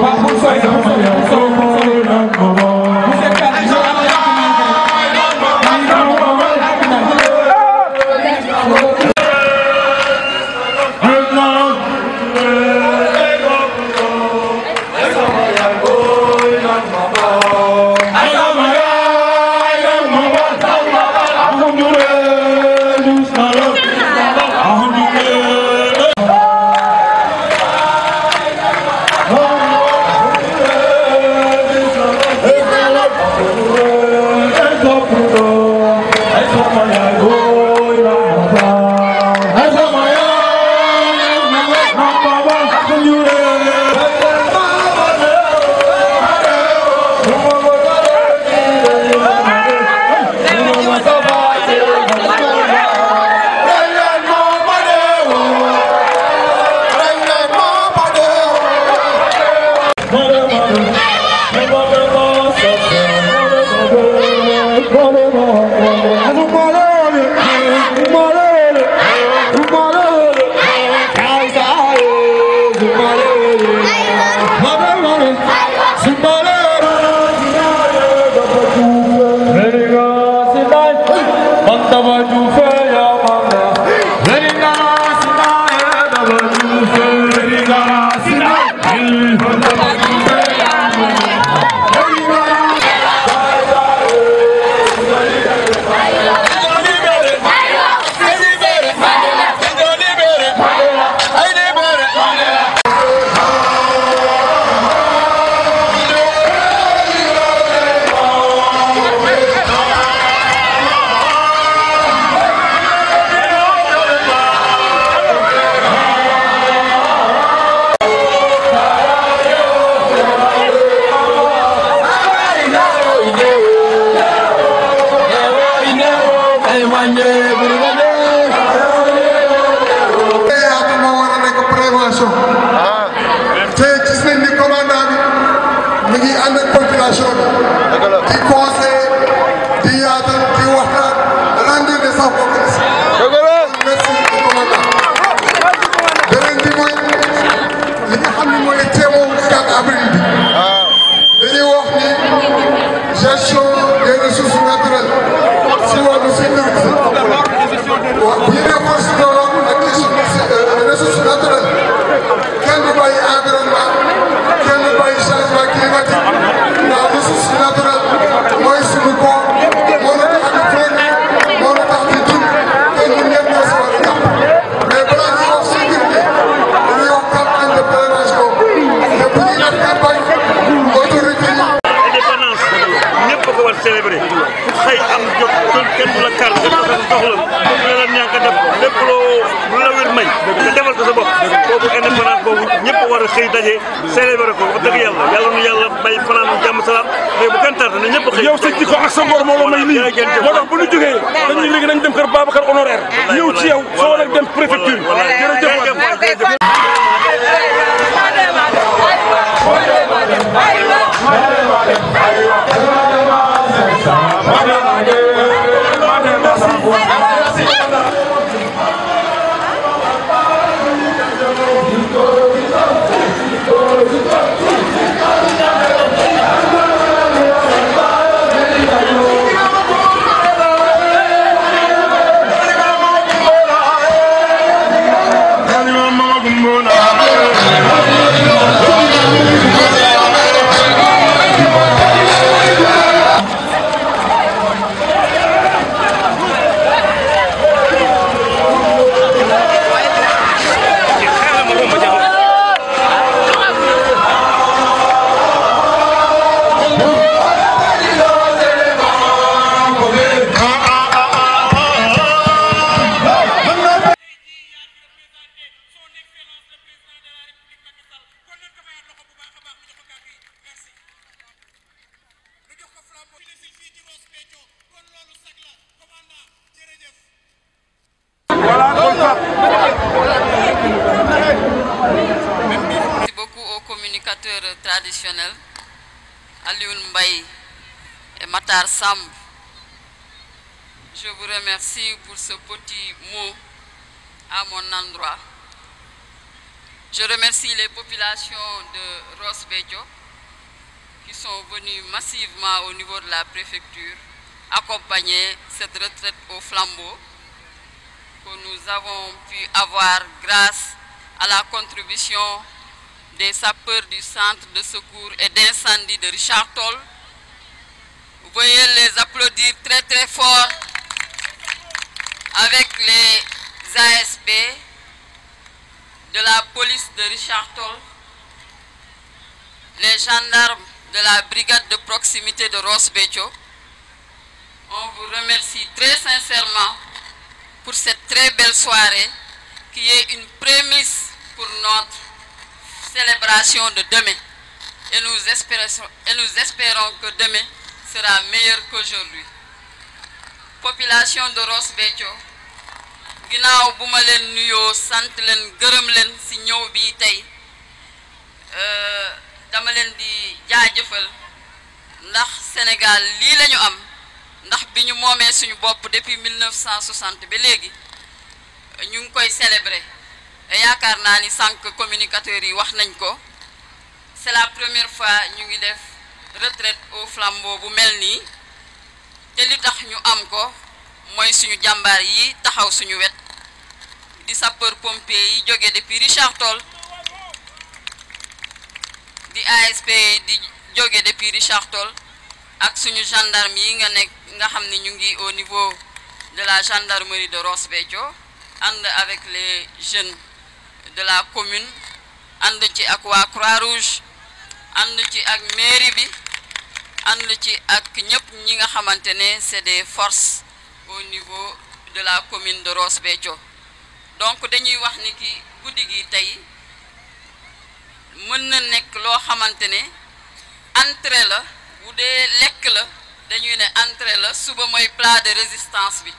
Pas pour ça, ils une population qui conseille, qui attend, qui attend, rendez de sa province. Merci, commandant. beneen bi mooy li nga xam ne mooy téeméer bu quatre avril bi. Ah. dañuy wax ni gestion des ressources naturelles si wàllu sécurité. nga defal ko sa bopp boobu indépendance boobu ñëpp war a xëy daje célébrer ko wax dëgg yàlla nu yàlla may fanaan jàmm salaam mais bu kenn tardé na xëy yow sa jikko ak sa ngor moo bu ñu jógee dañuy léegi dem kër Babacar honoraire ñëw ci yow soo war a dem préfecture jërëjëf Communicateur traditionnels, Alioun Mbaye et Matar Sam. Je vous remercie pour ce petit mot à mon endroit. Je remercie les populations de Rosbejo qui sont venues massivement au niveau de la préfecture accompagner cette retraite au flambeau que nous avons pu avoir grâce à la contribution des sapeurs du centre de secours et d'incendie de Richard Toll. Vous voyez les applaudir très très fort avec les ASP de la police de Richard les gendarmes de la brigade de proximité de Rosbecho. On vous remercie très sincèrement pour cette très belle soirée qui est une prémisse pour notre célébration de demain et nous espérons, et nous espérons que demain sera meilleur qu'aujourd'hui. Population de Ross Béthio Ginao Boumalen Nuyo, Santelen, nuyoo sant leen gërëm euh, di jaajëfal ndax Sénégal Lille la am ndax bi suñu depuis 1960 ba léegi ñu célébrer c'est la première fois ñu ngi def retraite au flambeau bu li tax ñu am ko suñu yi taxaw suñu sapeur pompier yi depuis Richard ASP di depuis Richard Toll ak suñu gendarme yi nga au niveau de la gendarmerie de avec les jeunes de la commune ànd ci ak waa Croix-Rouge ànd ci ak mairie bi ànd ci ak ñëpp ñi nga xamante ne c'est des forces au niveau de la commune de Ross Béthio donc dañuy wax ni ki guddi gi tey mën na nekk loo xamante ne entrée la bu dee lekk la dañuy ne entrée la suba mooy plat de résistance bi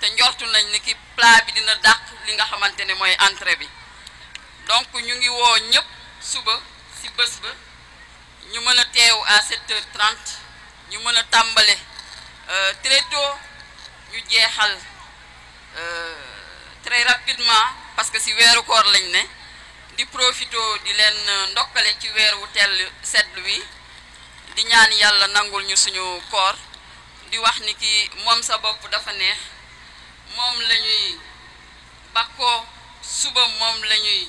te njortu nañ ni ki plat bi dina dàq li nga xamante ne mooy entrée bi donc ñu ngi wo ñep suba si bëss ba ñu mëna a à 7h30 ñu mëna tambalé euh très tôt ñu euh très rapidement parce que si wéru koor lañ ne di profito di len euh, ndokalé ci wéru wu tell sedd wi di ñaan yalla nangul ñu suñu koor di wax ni ki mom sa bop dafa neex mom lañuy suba mom lañuy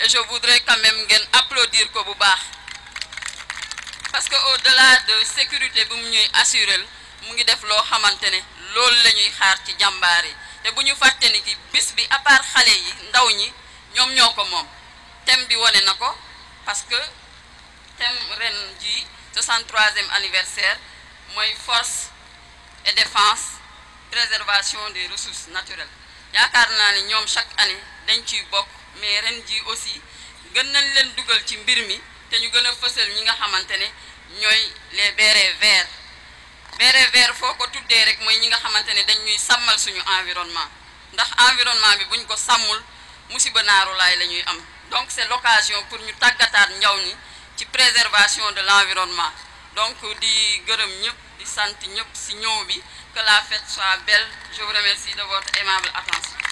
et je voudrais quand même applaudir ko parce que au-delà de sécurité pour nous ñuy nous mu ngi def loo xamante Nous loolu la ñuy xaar ci jàmbaar yi te bu ni bis bi à part yi ndaw ñi thème bi woné nako parce que thème ren 63e anniversaire moy force et défense préservation des ressources naturelles car nous, ni ñom chaque année dañ ci bokk mais ren ji aussi gën nañ leen dugal ci mbir mi te ñu gën a fësal ñi nga xamante ne ñooy les bérets verts bérets verts foo ko tuddee rek mooy ñi nga xamante ne dañ ñuy sàmmal suñu environnement ndax environnement bi buñ ko sàmmul musiba naaru laay la ñuy am donc c'est l'occasion pour ñu tàggataat njaw ñi ci préservation de l'environnement donc di gërëm ñëpp di sant ñëpp si ñëw bi que la fête soit belle je vous remercie de votre aimable attention